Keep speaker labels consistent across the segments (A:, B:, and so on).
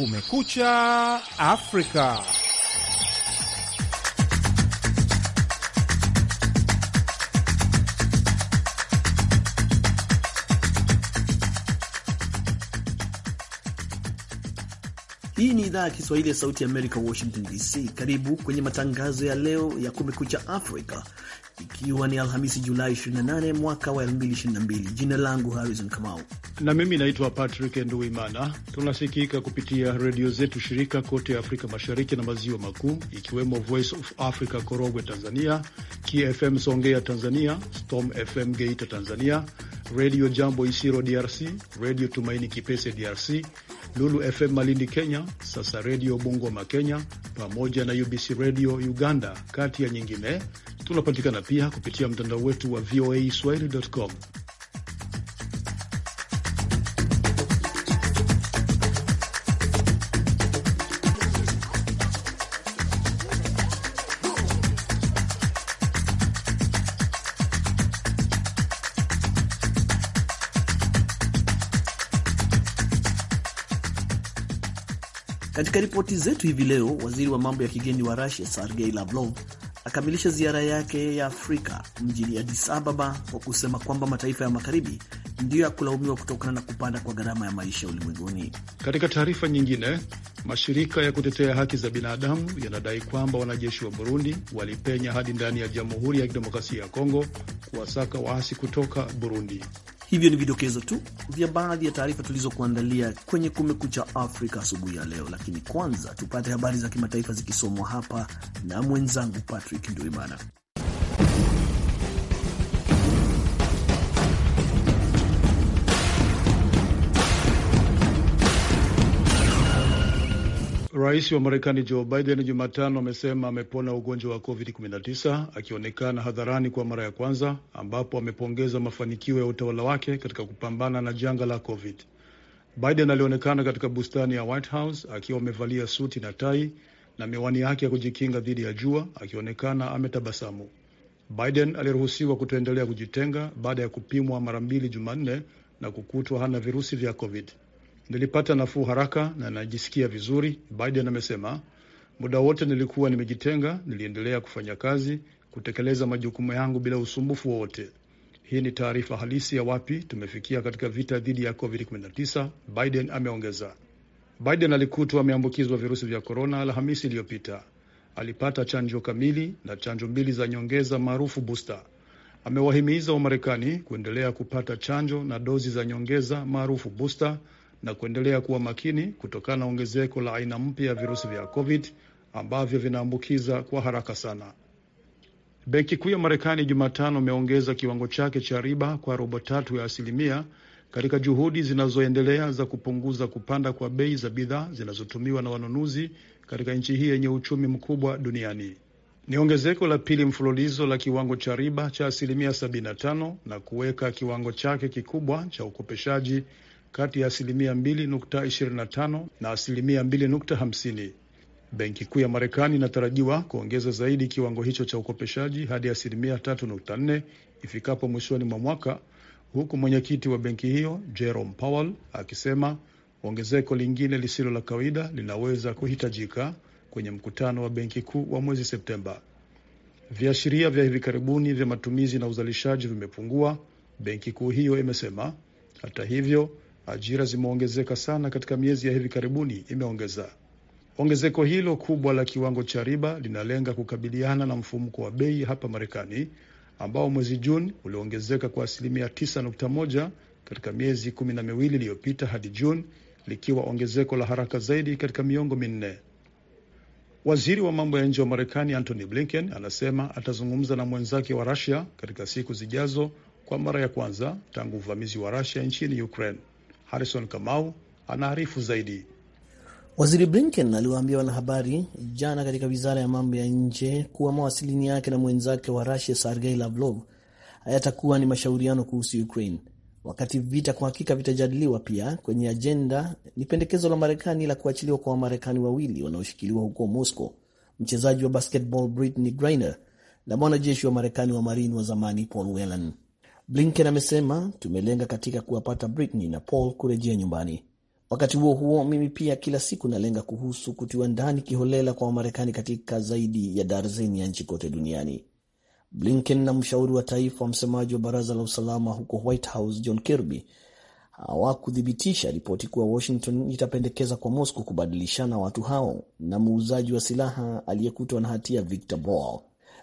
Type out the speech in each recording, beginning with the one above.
A: Kumekucha Afrika.
B: Hii ni idhaa ya Kiswahili ya Sauti ya Amerika, Washington DC. Karibu kwenye matangazo ya leo ya Kumekucha Afrika ikiwa ni Alhamisi Julai 28 mwaka wa 2022. Jina langu Harrison Kamau na
A: mimi naitwa Patrick Nduimana. Tunasikika kupitia redio zetu shirika kote Afrika Mashariki na Maziwa Makuu, ikiwemo Voice of Africa Korogwe Tanzania, KFM Songea Tanzania, Storm FM Geita Tanzania, Redio Jambo Isiro DRC, Redio Tumaini Kipese DRC, Lulu FM Malindi Kenya, sasa Redio Bungoma Kenya, pamoja na UBC Redio Uganda, kati ya nyingine Tunapatikana pia kupitia mtandao wetu wa VOA swahili.com.
B: Katika ripoti zetu hivi leo, waziri wa mambo ya kigeni wa Rusia Sergei Lavrov akamilisha ziara yake ya Afrika mjini Addis Ababa kwa kusema kwamba mataifa ya magharibi ndiyo ya kulaumiwa kutokana na kupanda kwa gharama ya maisha ulimwenguni.
A: Katika taarifa nyingine, mashirika ya kutetea haki za binadamu yanadai kwamba wanajeshi wa Burundi walipenya hadi ndani ya Jamhuri ya Kidemokrasia ya Kongo kuwasaka waasi kutoka Burundi. Hivyo ni vidokezo tu vya baadhi ya taarifa
B: tulizokuandalia kwenye Kumekucha Afrika asubuhi ya leo, lakini kwanza tupate habari za kimataifa zikisomwa hapa na mwenzangu Patrick Nduimana.
A: Rais wa Marekani Joe Biden Jumatano amesema amepona ugonjwa wa COVID-19 akionekana hadharani kwa mara ya kwanza, ambapo amepongeza mafanikio ya utawala wake katika kupambana na janga la COVID. Biden alionekana katika bustani ya White House akiwa amevalia suti na tai na miwani yake ya kujikinga dhidi ya jua, akionekana ametabasamu. Biden aliruhusiwa kutoendelea kujitenga baada ya kupimwa mara mbili Jumanne na kukutwa hana virusi vya COVID. Nilipata nafuu haraka na najisikia vizuri, Biden amesema. Muda wote nilikuwa nimejitenga, niliendelea kufanya kazi, kutekeleza majukumu yangu bila usumbufu wowote. Hii ni taarifa halisi ya wapi tumefikia katika vita dhidi ya COVID-19, Biden ameongeza. Biden alikutwa ameambukizwa virusi vya korona Alhamisi iliyopita. Alipata chanjo kamili na chanjo mbili za nyongeza maarufu booster. Amewahimiza Wamarekani kuendelea kupata chanjo na dozi za nyongeza maarufu booster na kuendelea kuwa makini kutokana na ongezeko la aina mpya ya virusi vya COVID ambavyo vinaambukiza kwa haraka sana. Benki Kuu ya Marekani Jumatano imeongeza kiwango chake cha riba kwa robo tatu ya asilimia katika juhudi zinazoendelea za kupunguza kupanda kwa bei za bidhaa zinazotumiwa na wanunuzi katika nchi hii yenye uchumi mkubwa duniani. Ni ongezeko la pili mfululizo la kiwango cha riba cha asilimia 75 na kuweka kiwango chake kikubwa cha ukopeshaji kati ya asilimia 2.25 na asilimia 2.50. Benki Kuu ya Marekani inatarajiwa kuongeza zaidi kiwango hicho cha ukopeshaji hadi asilimia 3.4 ifikapo mwishoni mwa mwaka, huku mwenyekiti wa benki hiyo Jerome Powell akisema ongezeko lingine lisilo la kawaida linaweza kuhitajika kwenye mkutano wa benki kuu wa mwezi Septemba. Viashiria vya hivi karibuni vya matumizi na uzalishaji vimepungua, benki kuu hiyo imesema. Hata hivyo, Ajira zimeongezeka sana katika miezi ya hivi karibuni, imeongeza. Ongezeko hilo kubwa la kiwango cha riba linalenga kukabiliana na mfumuko wa bei hapa Marekani ambao mwezi Juni uliongezeka kwa asilimia 9.1 katika miezi kumi na miwili iliyopita hadi Juni, likiwa ongezeko la haraka zaidi katika miongo minne. Waziri wa mambo ya nje wa Marekani Antony Blinken anasema atazungumza na mwenzake wa Rusia katika siku zijazo kwa mara ya kwanza tangu uvamizi wa Rusia nchini Ukraine. Harrison Kamau anaarifu zaidi.
B: Waziri Blinken aliwaambia wanahabari jana katika wizara ya mambo ya nje kuwa mawasiliano yake na mwenzake wa Rusia Sergei Lavrov hayatakuwa ni mashauriano kuhusu Ukraine, wakati vita kwa hakika vitajadiliwa. Pia kwenye ajenda ni pendekezo la Marekani la kuachiliwa kwa Wamarekani wawili wanaoshikiliwa huko Moscow, mchezaji wa basketball Brittney Griner na mwanajeshi wa Marekani wa Marine wa zamani Paul Whelan. Blinken amesema tumelenga katika kuwapata Britney na Paul kurejea nyumbani. Wakati huo huo, mimi pia kila siku nalenga kuhusu kutiwa ndani kiholela kwa Wamarekani katika zaidi ya darzeni ya nchi kote duniani. Blinken na mshauri wa taifa wa msemaji wa baraza la usalama huko White House John Kirby hawakuthibitisha ripoti kuwa Washington itapendekeza kwa Moscow kubadilishana watu hao na muuzaji wa silaha aliyekutwa na hatia Victor Boal.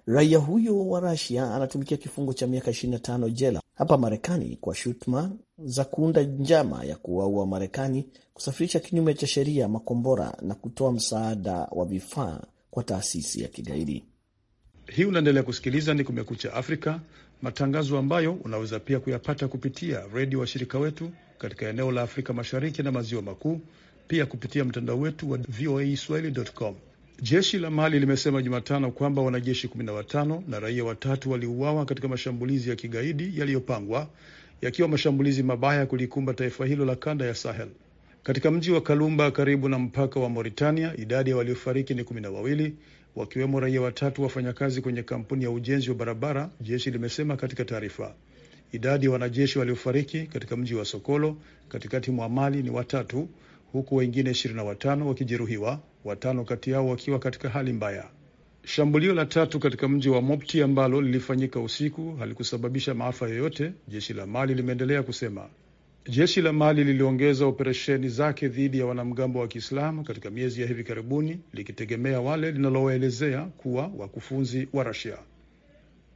B: Raia huyo wa Rasia anatumikia kifungo cha miaka 25 jela hapa Marekani kwa shutuma za kuunda njama ya kuwaua Marekani, kusafirisha kinyume cha sheria makombora na kutoa msaada wa vifaa kwa taasisi ya kigaidi.
A: Hii unaendelea kusikiliza ni Kumekucha Afrika, matangazo ambayo unaweza pia kuyapata kupitia redio washirika wetu katika eneo la Afrika Mashariki na Maziwa Makuu, pia kupitia mtandao wetu wa Swahili.com. Jeshi la Mali limesema Jumatano kwamba wanajeshi 15 na raia watatu waliuawa katika mashambulizi ya kigaidi yaliyopangwa, yakiwa mashambulizi mabaya kulikumba taifa hilo la kanda ya Sahel. Katika mji wa Kalumba karibu na mpaka wa Mauritania, idadi ya waliofariki ni kumi na wawili, wakiwemo raia watatu wafanyakazi kwenye kampuni ya ujenzi wa barabara, jeshi limesema katika taarifa. Idadi ya wanajeshi waliofariki katika mji wa Sokolo katikati mwa Mali ni watatu, huku wengine 25 wakijeruhiwa, watano kati yao wakiwa katika hali mbaya. Shambulio la tatu katika mji wa Mopti ambalo lilifanyika usiku halikusababisha maafa yoyote, jeshi la Mali limeendelea kusema. Jeshi la Mali liliongeza operesheni zake dhidi ya wanamgambo wa Kiislamu katika miezi ya hivi karibuni, likitegemea wale linalowaelezea kuwa wakufunzi wa Rasia.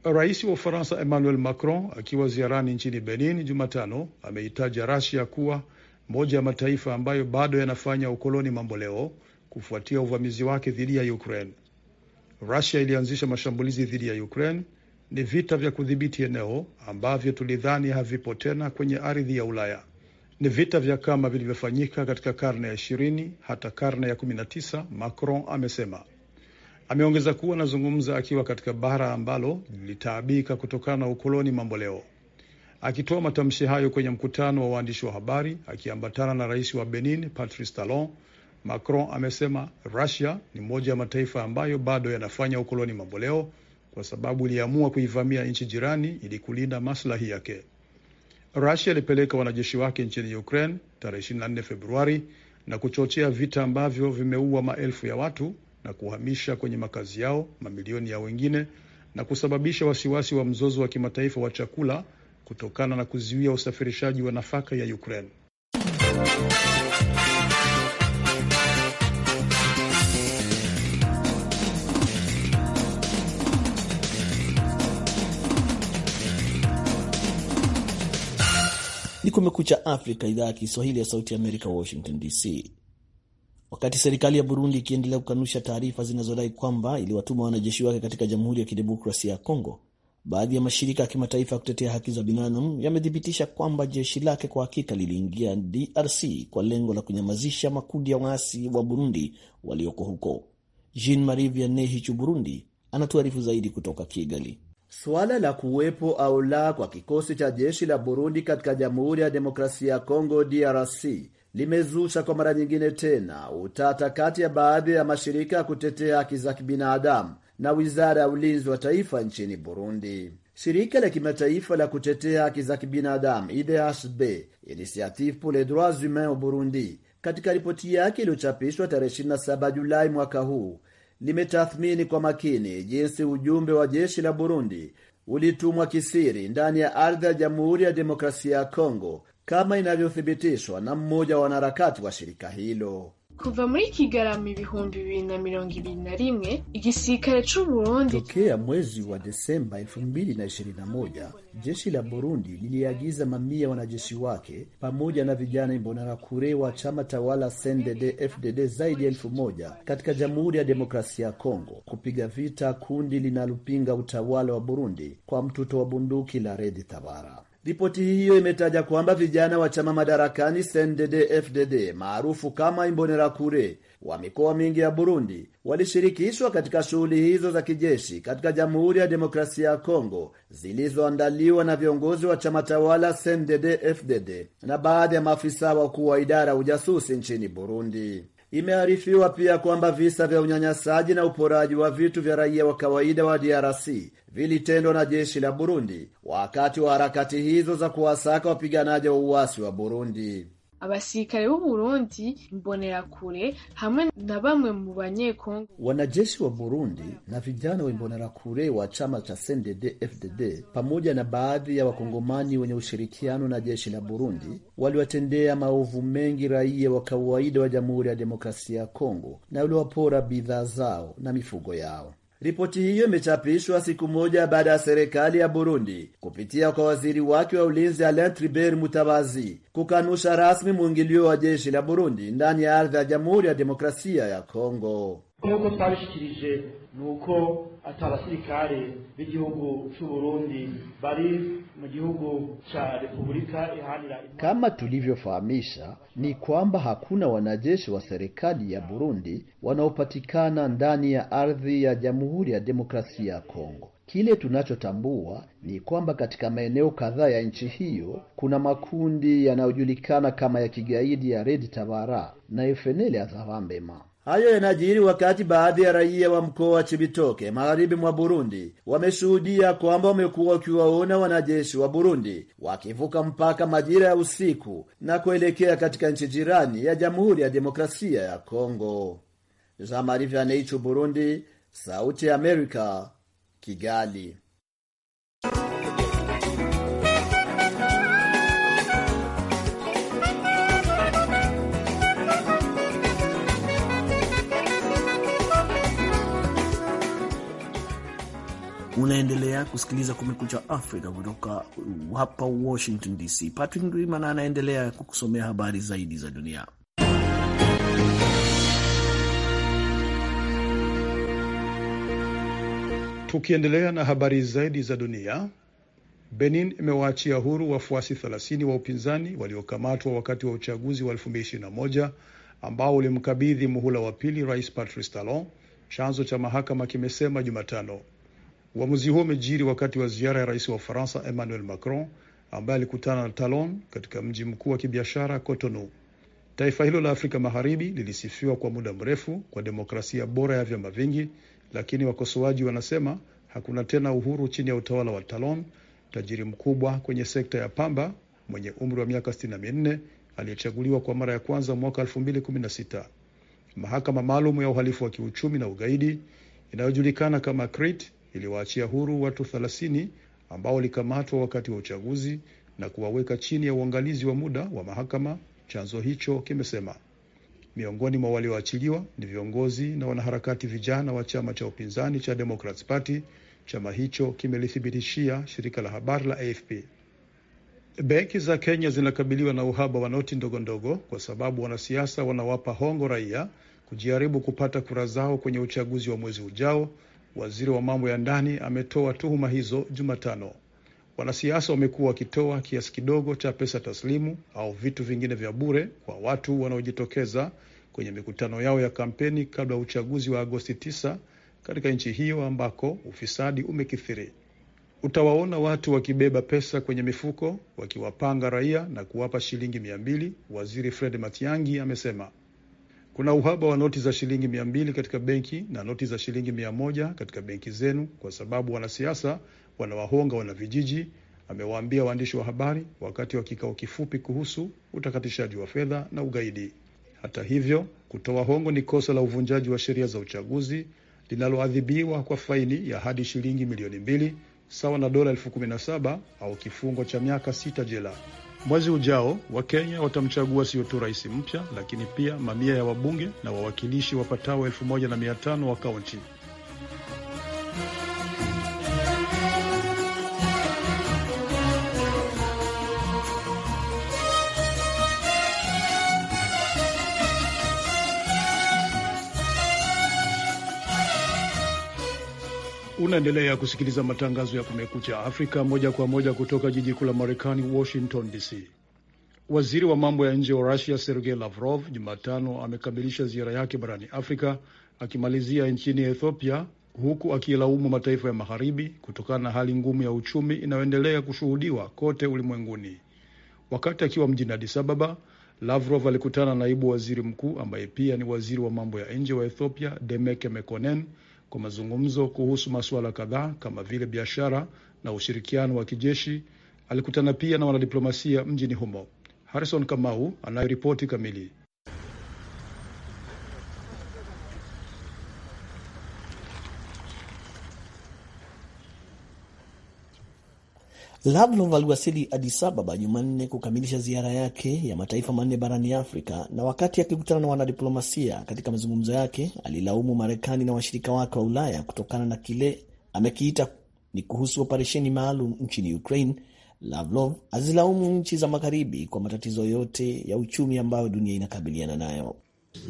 A: Rais wa Ufaransa Emmanuel Macron akiwa ziarani nchini Benin Jumatano ameitaja Rasia kuwa moja ya mataifa ambayo bado yanafanya ukoloni mambo leo kufuatia uvamizi wake dhidi ya Ukraine. Rusia ilianzisha mashambulizi dhidi ya Ukraine. Ni vita vya kudhibiti eneo ambavyo tulidhani havipo tena kwenye ardhi ya Ulaya. Ni vita vya kama vilivyofanyika katika karne ya ishirini hata karne ya kumi na tisa, Macron amesema. Ameongeza kuwa anazungumza akiwa katika bara ambalo lilitaabika kutokana na ukoloni mambo leo. Akitoa matamshi hayo kwenye mkutano wa waandishi wa habari akiambatana na rais wa Benin Patrice Talon, Macron amesema Russia ni moja ya mataifa ambayo bado yanafanya ukoloni mamboleo kwa sababu iliamua kuivamia nchi jirani ili kulinda maslahi yake. Russia ilipeleka wanajeshi wake nchini Ukraine tarehe 24 Februari na kuchochea vita ambavyo vimeua maelfu ya watu na kuhamisha kwenye makazi yao mamilioni ya wengine na kusababisha wasiwasi wa mzozo wa kimataifa wa chakula kutokana na kuzuia usafirishaji wa nafaka ya Ukraine.
B: Ni Kumekucha Afrika, idhaa ya Kiswahili ya Sauti ya Amerika, Washington DC. Wakati serikali ya Burundi ikiendelea kukanusha taarifa zinazodai kwamba iliwatuma wanajeshi wake katika Jamhuri ya Kidemokrasia ya Kongo, Baadhi ya mashirika ya kimataifa ya kutetea haki za binadamu yamethibitisha kwamba jeshi lake kwa hakika liliingia DRC kwa lengo la kunyamazisha makundi ya waasi wa Burundi walioko huko. Jean Marie Vianney Hichu, Burundi, anatuarifu zaidi kutoka Kigali.
C: Suala la kuwepo au la kwa kikosi cha jeshi la Burundi katika Jamhuri ya Demokrasia ya Kongo DRC limezusha kwa mara nyingine tena utata kati ya baadhi ya mashirika ya kutetea haki za kibinadamu na wizara ya ulinzi wa taifa nchini Burundi. Shirika la kimataifa la kutetea haki za kibinadamu IDHB, Initiative pour les droits humains au Burundi, katika ripoti yake iliyochapishwa tarehe 27 Julai mwaka huu limetathmini kwa makini jinsi ujumbe wa jeshi la Burundi ulitumwa kisiri ndani ya ardhi ya Jamhuri ya Demokrasia ya Kongo kama inavyothibitishwa na mmoja wa wanaharakati wa shirika hilo
D: kuva muri Kigarama ibihumbi bibiri na mirongo ibiri na rimwe
C: igisirikare c'u Burundi. Tokea mwezi wa Desemba elfu mbili na ishirini na moja jeshi la Burundi liliagiza mamia wanajeshi wake pamoja na vijana Imbonerakure wa chama tawala CNDD FDD zaidi ya elfu moja katika Jamhuri ya Demokrasia ya Kongo kupiga vita kundi linalopinga utawala wa Burundi kwa mtuto wa bunduki la Redi Tabara. Ripoti hiyo imetaja kwamba vijana wa chama madarakani CNDD-FDD maarufu kama Imbonerakure wa mikoa mingi ya Burundi walishirikishwa katika shughuli hizo za kijeshi katika Jamhuri ya Demokrasia ya Kongo zilizoandaliwa na viongozi wa chama tawala CNDD-FDD na baadhi ya maafisa wakuu wa idara ya ujasusi nchini Burundi. Imearifiwa pia kwamba visa vya unyanyasaji na uporaji wa vitu vya raia wa kawaida wa DRC vilitendwa na jeshi la Burundi wakati wa harakati hizo za kuwasaka wapiganaji wa uasi wa Burundi
D: abasirikare b'u Burundi kure hamwe na bamwe mu Banyekongo.
C: Wanajeshi wa Burundi na vijana wa kure wa chama cha CNDD FDD pamoja na baadhi ya wakongomani wenye ushirikiano na jeshi la Burundi waliwatendea maovu mengi raia wa kawaida wa Jamhuri ya Demokrasia ya Kongo na waliwapora bidhaa zao na mifugo yao. Ripoti hiyo imechapishwa siku moja baada ya serikali ya Burundi kupitia kwa waziri wake wa ulinzi Alain Tribert Mutabazi kukanusha rasmi mwingilio wa jeshi la Burundi ndani ya ardhi ya Jamhuri ya Demokrasia ya Kongo ati b'igihugu cy'u Burundi bari mu gihugu cha Republika ihanira kama tulivyofahamisha ni kwamba hakuna wanajeshi wa serikali ya Burundi wanaopatikana ndani ya ardhi ya Jamhuri ya Demokrasia ya Kongo. Kile tunachotambua ni kwamba katika maeneo kadhaa ya nchi hiyo kuna makundi yanayojulikana kama ya kigaidi ya Red Tabara na FNL ya Zavambema. Hayo yanajiri wakati baadhi ya raia wa mkoa wa Chibitoke magharibi mwa Burundi wameshuhudia kwamba wamekuwa wakiwaona wanajeshi wa Burundi wakivuka mpaka majira ya usiku na kuelekea katika nchi jirani ya Jamhuri ya Demokrasia ya Kongo. Jean Burundi, Sauti ya Amerika, Kigali.
B: Unaendelea kusikiliza Kumekucha Afrika kutoka hapa Washington DC. Patrick Ndwimana anaendelea kukusomea habari zaidi za dunia.
A: Tukiendelea na habari zaidi za dunia, Benin imewaachia huru wafuasi 30 wa upinzani waliokamatwa wakati wa uchaguzi wa 2021 ambao ulimkabidhi muhula wa pili Rais Patrice Talon, chanzo cha mahakama kimesema Jumatano. Uamuzi huo umejiri wakati wa ziara ya rais wa Ufaransa Emmanuel Macron ambaye alikutana na Talon katika mji mkuu wa kibiashara Cotonou. Taifa hilo la Afrika Magharibi lilisifiwa kwa muda mrefu kwa demokrasia bora ya vyama vingi, lakini wakosoaji wanasema hakuna tena uhuru chini ya utawala wa Talon, tajiri mkubwa kwenye sekta ya pamba mwenye umri wa miaka 64 aliyechaguliwa kwa mara ya kwanza mwaka 2016. Mahakama maalum ya uhalifu wa kiuchumi na ugaidi inayojulikana kama CRIT iliwaachia huru watu 30 ambao walikamatwa wakati wa uchaguzi na kuwaweka chini ya uangalizi wa muda wa mahakama, chanzo hicho kimesema. Miongoni mwa walioachiliwa ni viongozi na wanaharakati vijana wa chama cha upinzani cha Democrats Party. Chama hicho kimelithibitishia shirika la habari la AFP. Benki za Kenya zinakabiliwa na uhaba wa noti ndogo ndogo kwa sababu wanasiasa wanawapa hongo raia kujaribu kupata kura zao kwenye uchaguzi wa mwezi ujao Waziri wa mambo ya ndani ametoa tuhuma hizo Jumatano. Wanasiasa wamekuwa wakitoa kiasi kidogo cha pesa taslimu au vitu vingine vya bure kwa watu wanaojitokeza kwenye mikutano yao ya kampeni kabla ya uchaguzi wa Agosti 9 katika nchi hiyo ambako ufisadi umekithiri. Utawaona watu wakibeba pesa kwenye mifuko wakiwapanga raia na kuwapa shilingi mia mbili. Waziri Fred Matiang'i amesema kuna uhaba wa noti za shilingi mia mbili katika benki na noti za shilingi mia moja katika benki zenu, kwa sababu wanasiasa wanawahonga wana vijiji, amewaambia waandishi wa habari wakati wa kikao kifupi kuhusu utakatishaji wa fedha na ugaidi. Hata hivyo, kutoa hongo ni kosa la uvunjaji wa sheria za uchaguzi linaloadhibiwa kwa faini ya hadi shilingi milioni mbili sawa na dola elfu kumi na saba au kifungo cha miaka sita jela. Mwezi ujao Wakenya watamchagua sio tu rais mpya, lakini pia mamia ya wabunge na wawakilishi wapatao elfu moja na mia tano wa kaunti. Unaendelea kusikiliza matangazo ya Kumekucha Afrika moja kwa moja kutoka jiji kuu la Marekani, Washington DC. Waziri wa mambo ya nje wa Rusia Sergei Lavrov Jumatano amekamilisha ziara yake barani Afrika akimalizia nchini Ethiopia, huku akiilaumu mataifa ya magharibi kutokana na hali ngumu ya uchumi inayoendelea kushuhudiwa kote ulimwenguni. Wakati akiwa mjini Addis Ababa, Lavrov alikutana naibu waziri mkuu ambaye pia ni waziri wa mambo ya nje wa Ethiopia, Demeke Mekonnen kwa mazungumzo kuhusu masuala kadhaa kama vile biashara na ushirikiano wa kijeshi. Alikutana pia na wanadiplomasia mjini humo. Harrison Kamau anayo ripoti kamili.
B: Lavrov aliwasili Addis Ababa Jumanne kukamilisha ziara yake ya mataifa manne barani Afrika, na wakati akikutana na wanadiplomasia katika mazungumzo yake, alilaumu Marekani na washirika wake wa Ulaya kutokana na kile amekiita ni kuhusu operesheni maalum nchini Ukraine. Lavrov azilaumu nchi za Magharibi kwa matatizo yote ya uchumi ambayo dunia inakabiliana nayo.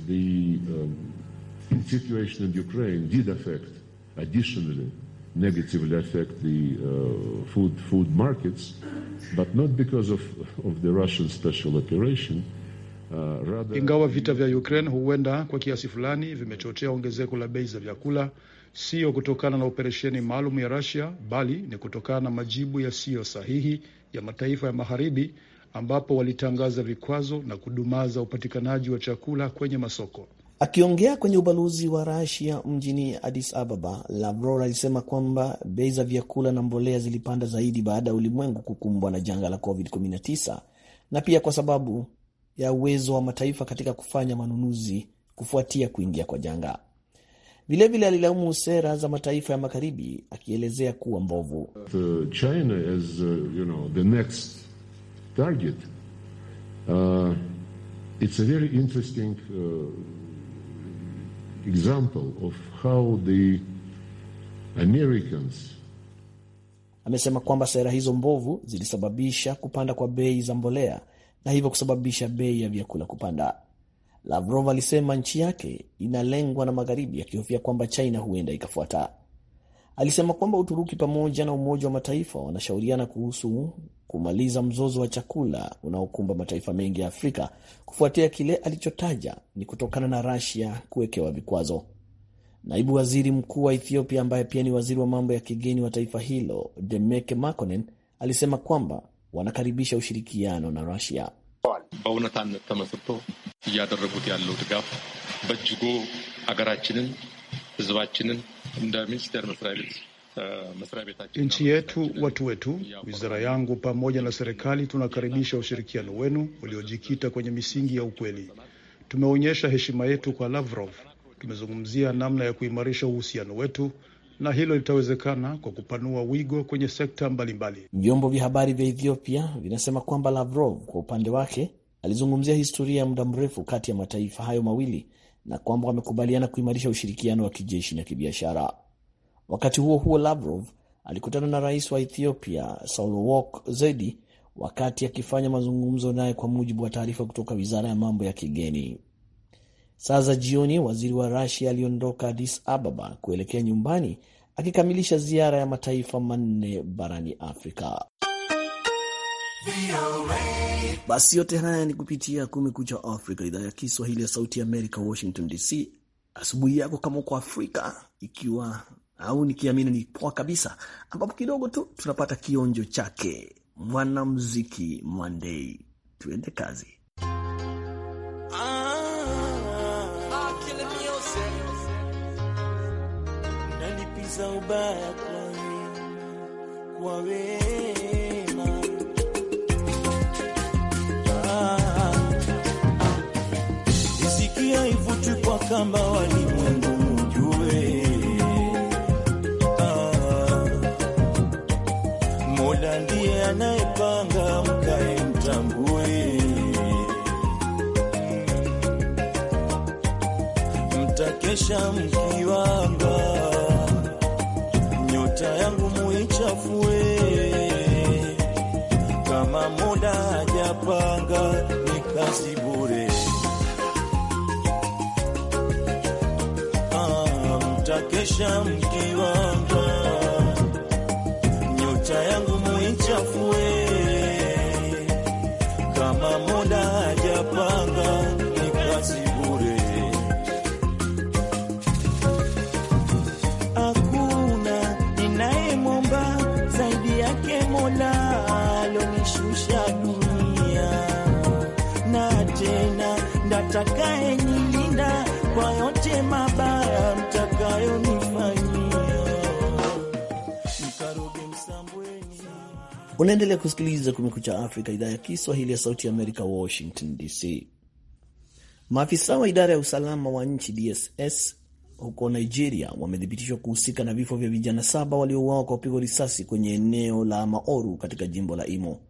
B: The, um,
D: negatively affect the uh, food food markets, but not because of, of the Russian special operation. Uh,
A: rather... Ingawa vita vya Ukraine huenda kwa kiasi fulani vimechochea ongezeko la bei za vyakula, sio kutokana na operesheni maalum ya Russia, bali ni kutokana na majibu yasiyo sahihi ya mataifa ya Magharibi ambapo walitangaza vikwazo na kudumaza upatikanaji wa chakula kwenye masoko. Akiongea kwenye ubalozi wa Rasia mjini
B: Addis Ababa, Lavrov alisema kwamba bei za vyakula na mbolea zilipanda zaidi baada ya ulimwengu kukumbwa na janga la COVID-19 na pia kwa sababu ya uwezo wa mataifa katika kufanya manunuzi kufuatia kuingia kwa janga. Vilevile alilaumu sera za mataifa ya magharibi akielezea kuwa mbovu.
D: China is, uh, you know, the next target. Uh, it's a very interesting, uh, example of how the Americans
B: Amesema kwamba sera hizo mbovu zilisababisha kupanda kwa bei za mbolea na hivyo kusababisha bei ya vyakula kupanda. Lavrov alisema nchi yake inalengwa na magharibi akihofia kwamba China huenda ikafuata alisema kwamba Uturuki pamoja na Umoja wa Mataifa wanashauriana kuhusu kumaliza mzozo wa chakula unaokumba mataifa mengi ya Afrika kufuatia kile alichotaja ni kutokana na Rasia kuwekewa vikwazo. Naibu waziri mkuu wa Ethiopia ambaye pia ni waziri wa mambo ya kigeni wa taifa hilo Demeke Mekonnen alisema kwamba wanakaribisha ushirikiano na Rasia.
D: ህዝባችንን እንደ ሚኒስቴር መስሪያ ቤት
A: nchi yetu watu wetu, wizara yangu pamoja na serikali tunakaribisha ushirikiano wenu uliojikita kwenye misingi ya ukweli. Tumeonyesha heshima yetu kwa Lavrov, tumezungumzia namna ya kuimarisha uhusiano wetu na hilo litawezekana kwa kupanua wigo kwenye sekta mbalimbali. Vyombo
B: vya habari vya Ethiopia vinasema kwamba Lavrov kwa upande wake alizungumzia historia ya muda mrefu kati ya mataifa hayo mawili na kwamba wamekubaliana kuimarisha ushirikiano wa kijeshi na kibiashara. Wakati huo huo, Lavrov alikutana na rais wa Ethiopia Sahlorok zedi wakati akifanya mazungumzo naye, kwa mujibu wa taarifa kutoka wizara ya mambo ya kigeni. Saa za jioni, waziri wa Rasia aliondoka Adis Ababa kuelekea nyumbani akikamilisha ziara ya mataifa manne barani Afrika. Basi yote haya ni kupitia Kumekucha Afrika, idhaa ya Kiswahili ya Sauti ya Amerika, Washington DC. Asubuhi yako kama uko Afrika ikiwa au nikiamini ni poa kabisa, ambapo kidogo tu tunapata kionjo chake mwanamuziki Monday. Tuende kazi.
E: Ah, ah, ah, kwamba walimwengu mjue ah, Mola ndiye anayepanga mtakesha nyota yangu muichafue, kama Mola hajapanga ni kazi bure. kuendesha mkiwa
B: Unaendelea kusikiliza Kumekucha Afrika, idhaa ya Kiswahili ya Sauti ya Amerika, Washington DC. Maafisa wa idara ya usalama wa nchi DSS huko Nigeria wamethibitishwa kuhusika na vifo vya vijana saba waliouawa kwa kupigwa risasi kwenye eneo la Maoru katika jimbo la Imo.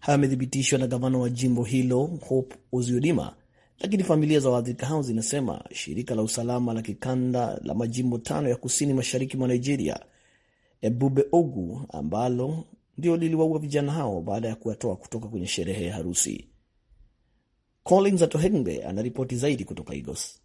B: Hayo yamethibitishwa na gavana wa jimbo hilo Hope Oziodima, lakini familia za waathirika hao zinasema shirika la usalama la kikanda la majimbo tano ya kusini mashariki mwa Nigeria, Ebube Ogu, ambalo ndio liliwaua vijana hao baada ya kuwatoa kutoka kwenye sherehe ya harusi. Collins Atohengbe anaripoti zaidi kutoka Igos.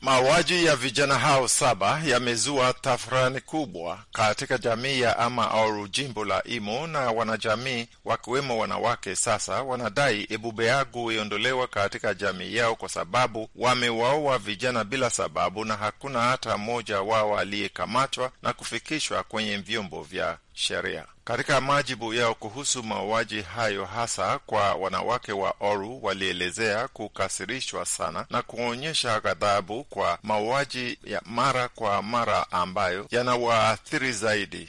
D: Mauaji ya vijana hao saba yamezua tafrani kubwa katika jamii ya ama au jimbo la Imo, na wanajamii wakiwemo wanawake sasa wanadai ebubeagu iondolewa katika jamii yao kwa sababu wamewaoa vijana bila sababu na hakuna hata mmoja wao aliyekamatwa na kufikishwa kwenye vyombo vya sheria. Katika majibu yao kuhusu mauaji hayo, hasa kwa wanawake wa Oru, walielezea kukasirishwa sana na kuonyesha ghadhabu kwa mauaji ya mara kwa mara ambayo yanawaathiri zaidi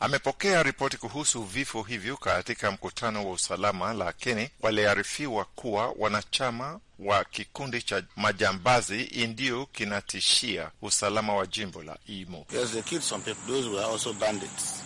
D: amepokea ripoti kuhusu vifo hivyo katika mkutano wa usalama, lakini waliarifiwa kuwa wanachama wa kikundi cha majambazi ndio kinatishia usalama wa jimbo la Imo. Yes,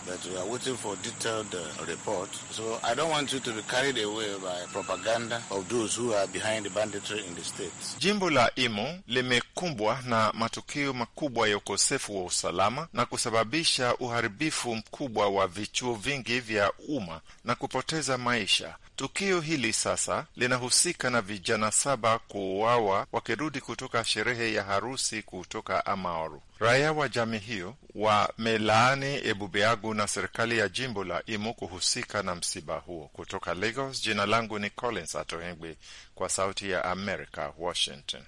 C: but we are waiting for detailed uh, report. So I don't want you to be carried away by propaganda of those who are behind the banditry in the states.
D: Jimbo la Imo limekumbwa na matukio makubwa ya ukosefu wa usalama na kusababisha uharibifu mkubwa wa vichuo vingi vya umma na kupoteza maisha. Tukio hili sasa linahusika na vijana saba kuuawa wakirudi kutoka sherehe ya harusi kutoka Amaru. Raia wa jamii hiyo wamelaani Ebubeagu na serikali ya jimbo la Imu kuhusika na msiba huo. Kutoka Lagos, jina langu ni Collins Atohengwi kwa Sauti ya America, Washington.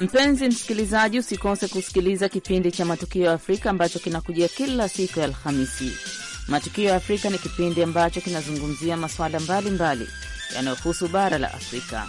F: Mpenzi msikilizaji, usikose
C: kusikiliza kipindi cha Matukio ya Afrika ambacho kinakujia kila siku ya Alhamisi. Matukio ya Afrika ni kipindi ambacho kinazungumzia masuala mbalimbali yanayohusu bara la Afrika.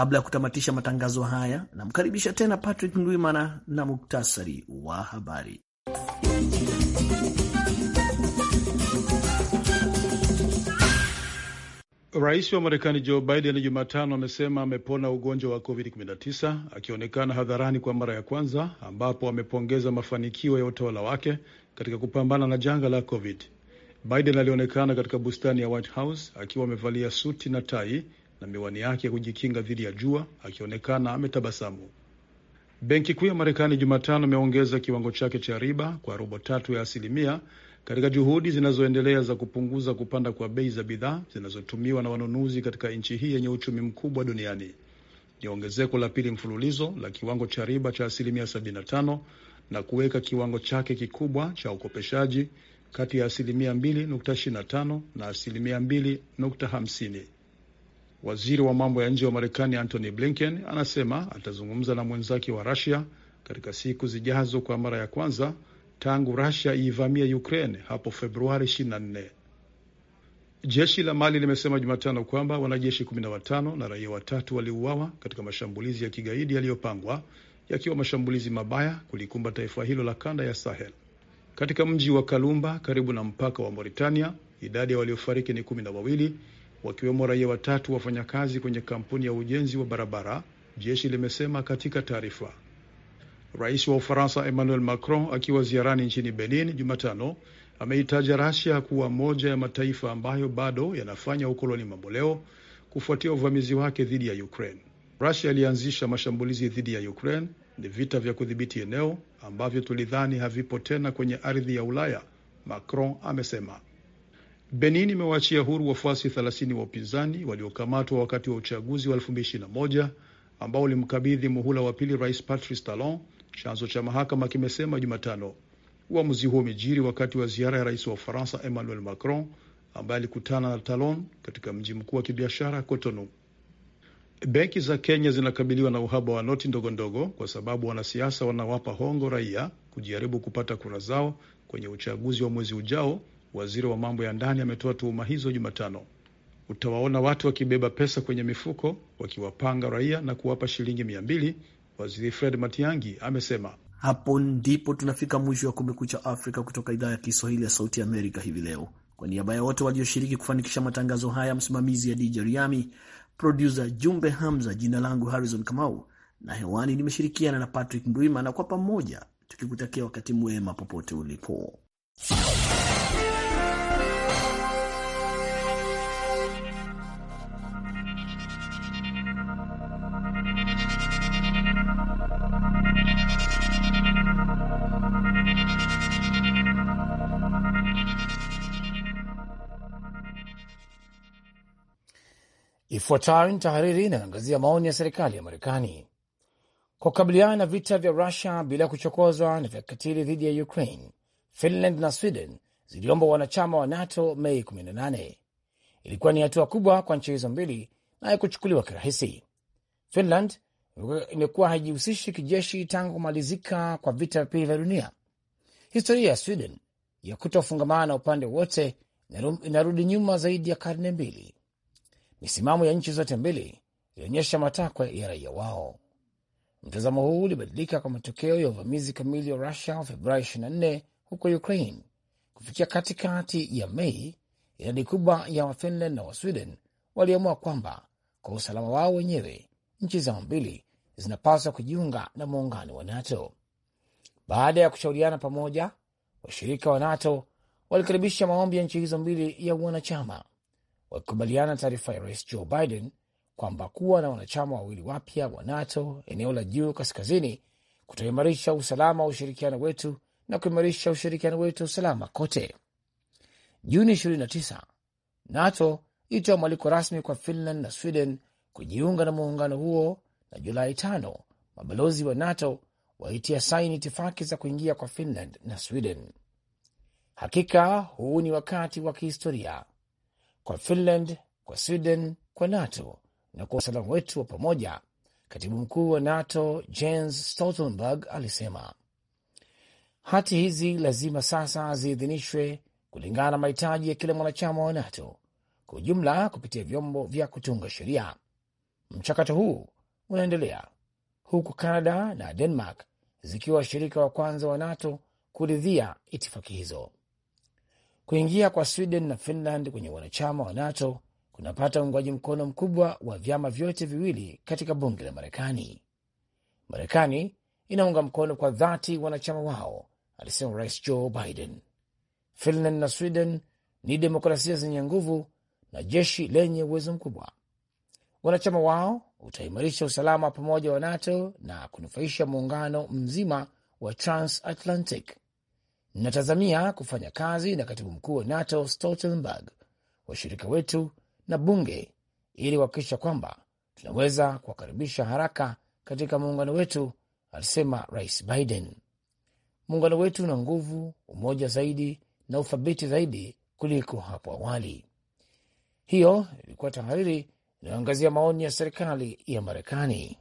B: Kabla ya kutamatisha matangazo haya, namkaribisha tena Patrick Ndwimana na muktasari wa
A: habari. Rais wa Marekani Joe Biden Jumatano amesema amepona ugonjwa wa COVID-19 akionekana hadharani kwa mara ya kwanza, ambapo amepongeza mafanikio ya utawala wake katika kupambana na janga la COVID. Biden alionekana katika bustani ya White House akiwa amevalia suti na tai na miwani yake ya kujikinga dhidi ya jua akionekana ametabasamu. Benki Kuu ya Marekani Jumatano imeongeza kiwango chake cha riba kwa robo tatu ya asilimia katika juhudi zinazoendelea za kupunguza kupanda kwa bei za bidhaa zinazotumiwa na wanunuzi katika nchi hii yenye uchumi mkubwa duniani. Ni ongezeko la pili mfululizo la kiwango cha riba cha asilimia 75 na kuweka kiwango chake kikubwa cha ukopeshaji kati ya asilimia 2.25 na asilimia 2.50. Waziri wa mambo ya nje wa Marekani Antony Blinken anasema atazungumza na mwenzake wa Rusia katika siku zijazo kwa mara ya kwanza tangu Rusia iivamia Ukraine hapo Februari 24. Jeshi la Mali limesema Jumatano kwamba wanajeshi 15 na raia watatu waliuawa katika mashambulizi ya kigaidi yaliyopangwa, yakiwa mashambulizi mabaya kulikumba taifa hilo la kanda ya Sahel. Katika mji wa Kalumba karibu na mpaka wa Mauritania, idadi ya waliofariki ni kumi na wawili wakiwemo raia watatu wafanyakazi kwenye kampuni ya ujenzi wa barabara, jeshi limesema katika taarifa. Rais wa Ufaransa Emmanuel Macron akiwa ziarani nchini Benin Jumatano ameitaja Rasia kuwa moja ya mataifa ambayo bado yanafanya ukoloni mamboleo kufuatia uvamizi wake dhidi ya Ukraine. Rasia ilianzisha mashambulizi dhidi ya Ukraine. Ni vita vya kudhibiti eneo ambavyo tulidhani havipo tena kwenye ardhi ya Ulaya, Macron amesema. Benin imewaachia huru wafuasi 30 wa upinzani waliokamatwa wakati wa uchaguzi wa 2021 ambao ulimkabidhi muhula wa pili Rais Patrice Talon, chanzo cha mahakama kimesema Jumatano. Uamuzi huo umejiri wakati wa ziara ya rais wa Ufaransa Emmanuel Macron ambaye alikutana na Talon katika mji mkuu wa kibiashara Cotonou. Benki za Kenya zinakabiliwa na uhaba wa noti ndogo ndogo kwa sababu wanasiasa wanawapa hongo raia kujaribu kupata kura zao kwenye uchaguzi wa mwezi ujao Waziri wa mambo ya ndani ametoa tuhuma hizo Jumatano. Utawaona watu wakibeba pesa kwenye mifuko wakiwapanga raia na kuwapa shilingi mia mbili, waziri Fred Matiangi amesema. Hapo ndipo tunafika mwisho wa Kumekucha Afrika kutoka idhaa ya Kiswahili ya Sauti Amerika hivi leo. Kwa
B: niaba ya wote walioshiriki kufanikisha matangazo haya, msimamizi ya DJ Riami, produsa Jumbe Hamza, jina langu Harrison Kamau na hewani nimeshirikiana na Patrick Mbwima, na kwa pamoja tukikutakia wakati mwema popote ulipo.
F: Ifuatayo ni tahariri inayoangazia maoni ya serikali ya Marekani kwa kukabiliana na vita vya Rusia bila kuchokozwa na vya kikatili dhidi ya Ukraine. Finland na Sweden ziliomba wanachama wa NATO Mei 18. Ilikuwa ni hatua kubwa kwa nchi hizo mbili na haikuchukuliwa kirahisi. Finland imekuwa haijihusishi kijeshi tangu kumalizika kwa vita vya pili vya dunia. Historia ya Sweden ya kutofungamana na upande wote inarudi nyuma zaidi ya karne mbili. Misimamo ya nchi zote mbili ilionyesha matakwa ya raia wao. Mtazamo huu ulibadilika kwa matokeo ya uvamizi kamili wa Rusia wa Februari 24 huko Ukraine. Kufikia katikati ya Mei, idadi kubwa ya Wafinland na Wasweden waliamua kwamba kwa usalama wao wenyewe nchi zao mbili zinapaswa kujiunga na muungano wa NATO. Baada ya kushauriana pamoja, washirika wa NATO walikaribisha maombi ya nchi hizo mbili ya wanachama wakikubaliana taarifa ya rais Joe Biden kwamba kuwa na wanachama wawili wapya wa NATO eneo la juu kaskazini kutaimarisha usalama wa ushirikiano wetu na kuimarisha ushirikiano wetu usalama kote. Juni 29 NATO ilitoa mwaliko rasmi kwa Finland na Sweden kujiunga na muungano huo, na Julai tano mabalozi wa NATO waitia saini itifaki za kuingia kwa Finland na Sweden. Hakika huu ni wakati wa kihistoria kwa Finland, kwa Sweden, kwa NATO na kwa usalama wetu wa pamoja, katibu mkuu wa NATO Jens Stoltenberg alisema. Hati hizi lazima sasa ziidhinishwe kulingana na mahitaji ya kila mwanachama wa NATO kwa ujumla kupitia vyombo vya kutunga sheria. Mchakato huu unaendelea huku Canada na Denmark zikiwa washirika wa kwanza wa NATO kuridhia itifaki hizo. Kuingia kwa Sweden na Finland kwenye wanachama wa NATO kunapata uungwaji mkono mkubwa wa vyama vyote viwili katika bunge la Marekani. Marekani inaunga mkono kwa dhati wanachama wao, alisema Rais Joe Biden. Finland na Sweden ni demokrasia zenye nguvu na jeshi lenye uwezo mkubwa. Wanachama wao utaimarisha usalama pamoja wa NATO na kunufaisha muungano mzima wa Transatlantic. Natazamia kufanya kazi na katibu mkuu wa NATO Stoltenberg, washirika wetu na bunge ili kuhakikisha kwamba tunaweza kuwakaribisha haraka katika muungano wetu, alisema Rais Biden. Muungano wetu una nguvu, umoja zaidi na uthabiti zaidi kuliko hapo awali. Hiyo ilikuwa tahariri inayoangazia maoni ya serikali ya Marekani.